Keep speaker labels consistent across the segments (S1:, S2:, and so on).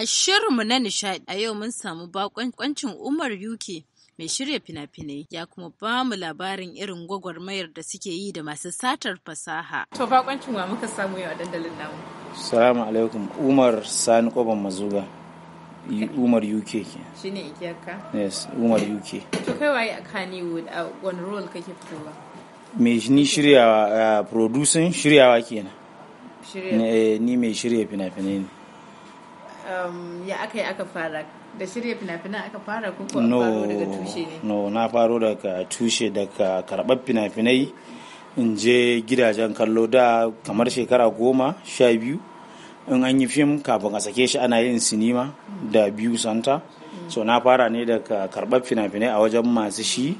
S1: A shirinmu na nishaɗi a yau mun samu bakoncin Umar UK mai shirya fina-finai ya kuma ba mu labarin irin gwagwarmayar da suke yi da masu satar fasaha. To bakoncin wa muka samu yau a dandalin namu.
S2: Salamu alaikum Umar Sani Koban Mazuga. Umar UK ke.
S1: Shi ne ikiyarka? Yes,
S2: Umar UK. To
S1: kai waye a Kannywood a wani role kake fitowa?
S2: Me ni shiryawa, eh, producing shiryawa kenan.
S1: Shiryawa? Eh,
S2: ni mai shirya fina-finai ne.
S1: Um, ya aka yi aka fara da shirya fina-finan aka fara ko a no
S2: na faro daga tushe daga karɓar fina-finai in je gidajen kallo da kamar shekara goma sha biyu in an yi fim kafin a sake shi ana yin sinima da biyu santa so na fara ne daga karɓar fina-finai a wajen masu shi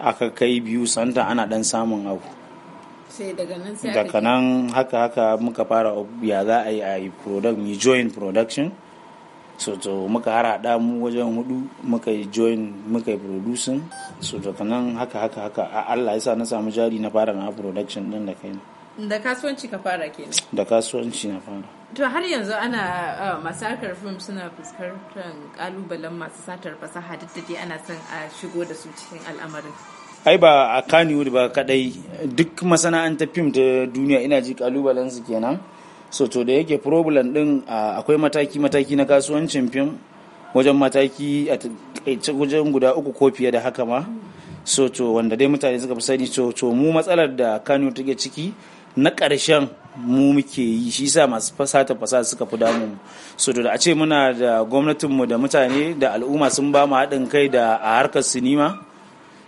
S2: aka kai biyu santa ana ɗan samun abu
S1: daga
S2: nan haka haka muka fara ya za a yi a yi product mu join production so to muka harada mu wajen hudu muka yi join muka yi producing so daga nan haka haka haka Allah ya sa na samu jari na fara na production din da kai
S1: da kasuwanci ka fara kenan
S2: da kasuwanci na fara
S1: to har yanzu ana masu harkar film suna fuskantar kalubalen masu satar fasaha duk da ana son a shigo da su cikin al'amarin
S2: ai ba a kaniwood ba kadai duk masana'antar fim ta duniya ina ji kalubalen su kenan so to da yake problem din akwai mataki-mataki na kasuwancin fim wajen mataki a wajen guda uku ko fiye da haka ma so to wanda dai mutane suka fi sani so to mu matsalar da kano take ciki na ƙarshen mu muke yi shi sa masu fasata fasata suka fi damu so to da a ce muna da gwamnatinmu da mutane da al'umma sun ba mu haɗin kai da a harkar sinima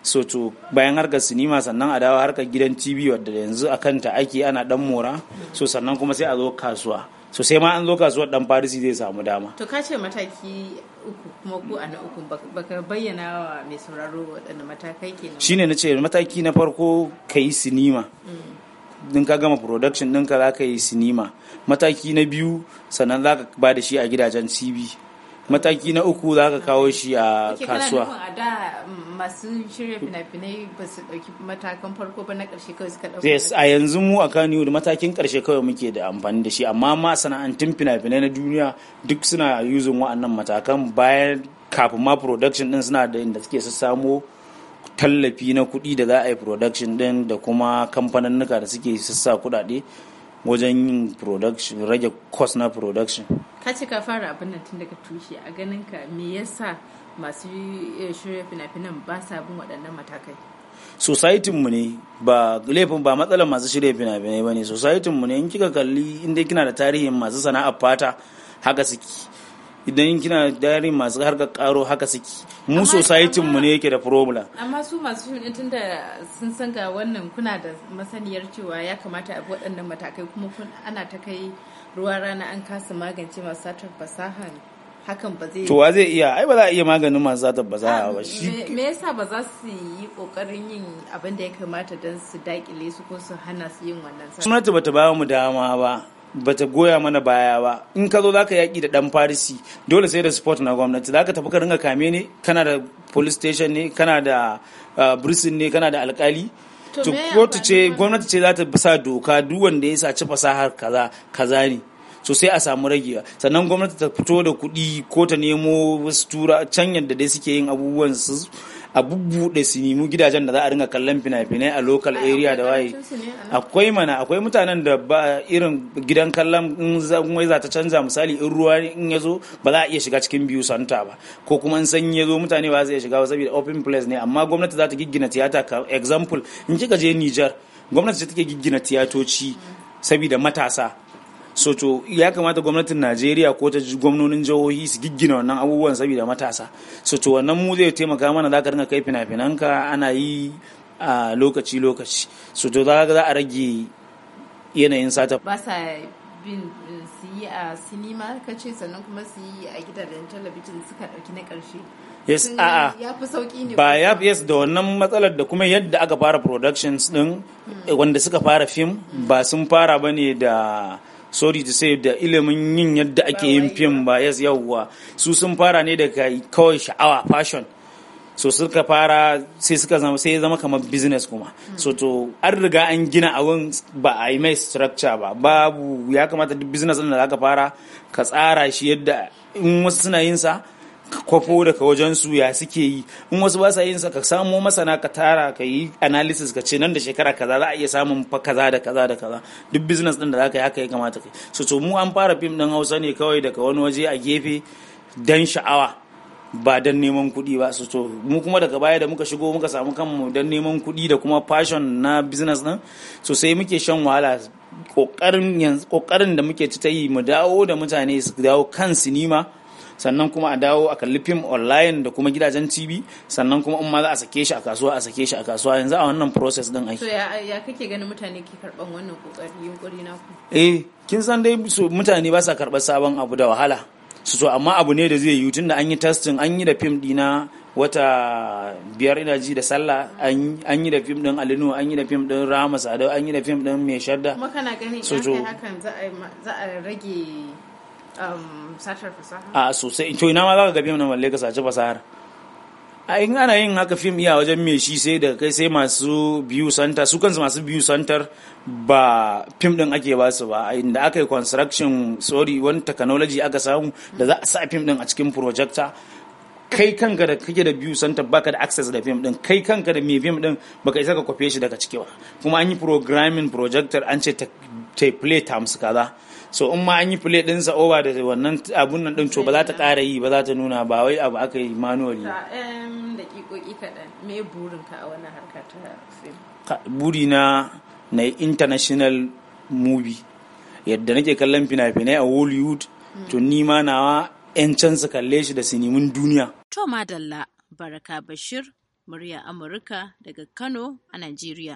S2: soto bayan harkar sinima sannan a dawo harkar gidan tv wadda yanzu a kanta ake ana dan mora so sannan kuma sai a zo kasuwa so sai ma an zo kasuwar dan farisi zai samu dama
S1: to ka ce mataki uku kuma ku a uku baka bayyana wa mai sauraro waɗanda matakai ke
S2: shine na ce mataki na farko ka yi sinima
S1: mm.
S2: din ka gama production ɗinka za ka yi sinima mataki na biyu sannan za ka ba da shi a gidajen tv mataki na uku za ka kawo shi a kasuwa
S1: a da mm, masu shirya fina-finai ba su ɗauki matakan farko ba na ƙarshe kawai suka yes
S2: a yanzu mu a kano da matakin ƙarshe kawai muke da amfani da shi amma masana'antun fina-finai na duniya duk suna yuzin wa'annan matakan bayan kafin ma production din suna da inda suke su samo tallafi na kuɗi da za a yi production din da kuma kamfanin da suke sassa kuɗaɗe wajen yin production rage cost na production
S1: ka ce ka fara abin nan tun daga tushe a ganin ka me yasa masu eh, shirya fina-finan ba sa bin waɗannan matakai
S2: societin mu ne ba laifin ba matsalar masu shirya fina-finai ba ne societin mu ne in kika kalli inda kina da tarihin masu sana'ar fata haka suke idan kina dairin masu harkar karo haka suke mu society mu ne yake da problem
S1: amma su masu shirin tun da sun san ga wannan kuna da masaniyar cewa ya kamata a waɗannan matakai kuma ana ta kai ruwa rana an kasa magance masu satar fasaha hakan ba zai to wa zai
S2: iya ai ba za a iya maganin masu satar fasaha ba ah, shi
S1: me yasa ba za su yi kokarin yin abin da ya kamata don su dakile su ko su hana su yin wannan satar
S2: gwamnati ta ba mu dama ba bata goya mana baya ba in ka zo za ka yaƙi da ɗan farisi dole sai da support na gwamnati za ka tafi ka ringa kame ne kana da police station ne kana da brisin uh, ne kana da alkali
S1: to kotu
S2: ce gwamnati ce za ta sa doka duk wanda ya saci fasahar kaza kaza ne so sai a samu ragewa sannan gwamnati ta fito da kuɗi ko ta nemo wasu tura can yadda dai suke yin abubuwan a bubbuɗe sinimu gidajen da za a ringa kallon fina-finai a local area da waye akwai mana akwai mutanen da ba irin gidan kallon in wai za ta canza misali in ruwa in ya zo ba za a iya shiga cikin biyu santa ba ko kuma in sanyi ya zo mutane ba za a iya shiga ba saboda open place ne amma gwamnati za ta giggina tiyata ka example in kika je Nijar gwamnati ce take giggina tiyatoci saboda matasa so to ya kamata gwamnatin najeriya ko ta gwamnonin jihohi su giggina wannan abubuwan saboda matasa so to wannan mu zai taimaka mana za ka dinga kai fina-finanka ana yi a lokaci-lokaci so to za a rage yanayin sata ba
S1: sa bin eh, su yi a sinima ka ce sannan kuma su yi a gidajen talabijin suka ɗauki na ƙarshe
S2: yes a a
S1: ya fi sauki ne ba
S2: ya yes da wannan matsalar da kuma yadda aka fara productions din hmm. wanda suka fara film ba sun fara bane da sorry to say da ilimin yin yadda ake yin fim ba yes yawwa su sun fara ne daga kawai sha'awa fashion so suka fara sai suka zama sai zama kamar business kuma so to an riga an gina abin ba a yi mai structure ba babu ya kamata duk business din da zaka fara ka tsara shi yadda in wasu suna yin sa kwafo daga wajensu ya suke yi in wasu ba sa yin sa ka samo masana ka tara ka yi analysis ka ce nan da shekara kaza za a iya samun fa kaza da kaza da kaza duk business din da za ka yi haka ya kamata kai so to mu an fara fim din Hausa ne kawai daga wani waje a gefe dan sha'awa ba dan neman kuɗi ba so to mu kuma daga baya da muka shigo muka samu kanmu dan neman kuɗi da kuma fashion na business din so sai muke shan wahala kokarin da muke ta yi mu dawo da mutane su dawo kan sinima sannan kuma a dawo a kalli fim online da kuma gidajen tv sannan kuma in ma za a sake shi a kasuwa a sake shi a kasuwa yanzu a wannan process din ake.
S1: ya kake ganin mutane ke karban wannan kokari yunkuri ku.
S2: eh kin san dai mutane ba sa karɓar sabon abu da wahala su so amma abu ne da zai yi tun da an yi testing an yi da fim dina wata biyar ina ji da sallah an yi da fim din alinu an yi da fim din rama sadau an yi da fim din mai shadda
S1: kana ganin hakan za a rage Um, fasaha
S2: a sosai to ina ma za ka fim na malle ka saci fasahar a in ana yin haka fim iya wajen me shi sai daga kai sai masu biyu santar su kansu masu biyu santar ba fim din ake ba su ba inda aka yi construction sorry wani technology aka samu da za a sa fim din a cikin projector kai kanka da kake da biyu santar baka da access da fim din kai kanka da me fim din baka isa ka kwafe shi daga ciki ba kuma an yi programming projector an ce ta ta musu kaza so in ma an yi play ɗinsa over da wannan abun nan ɗin to ba za ta ƙara yi ba za ta nuna ba wai abu aka yi manually
S1: daƙiƙoƙi kaɗan me burinka a wannan
S2: buri na na international movie yadda nake kallon fina-finai a hollywood hmm. to ni ma nawa can su kalle shi da sinimin duniya
S1: to madalla baraka bashir murya amurka daga kano a najeriya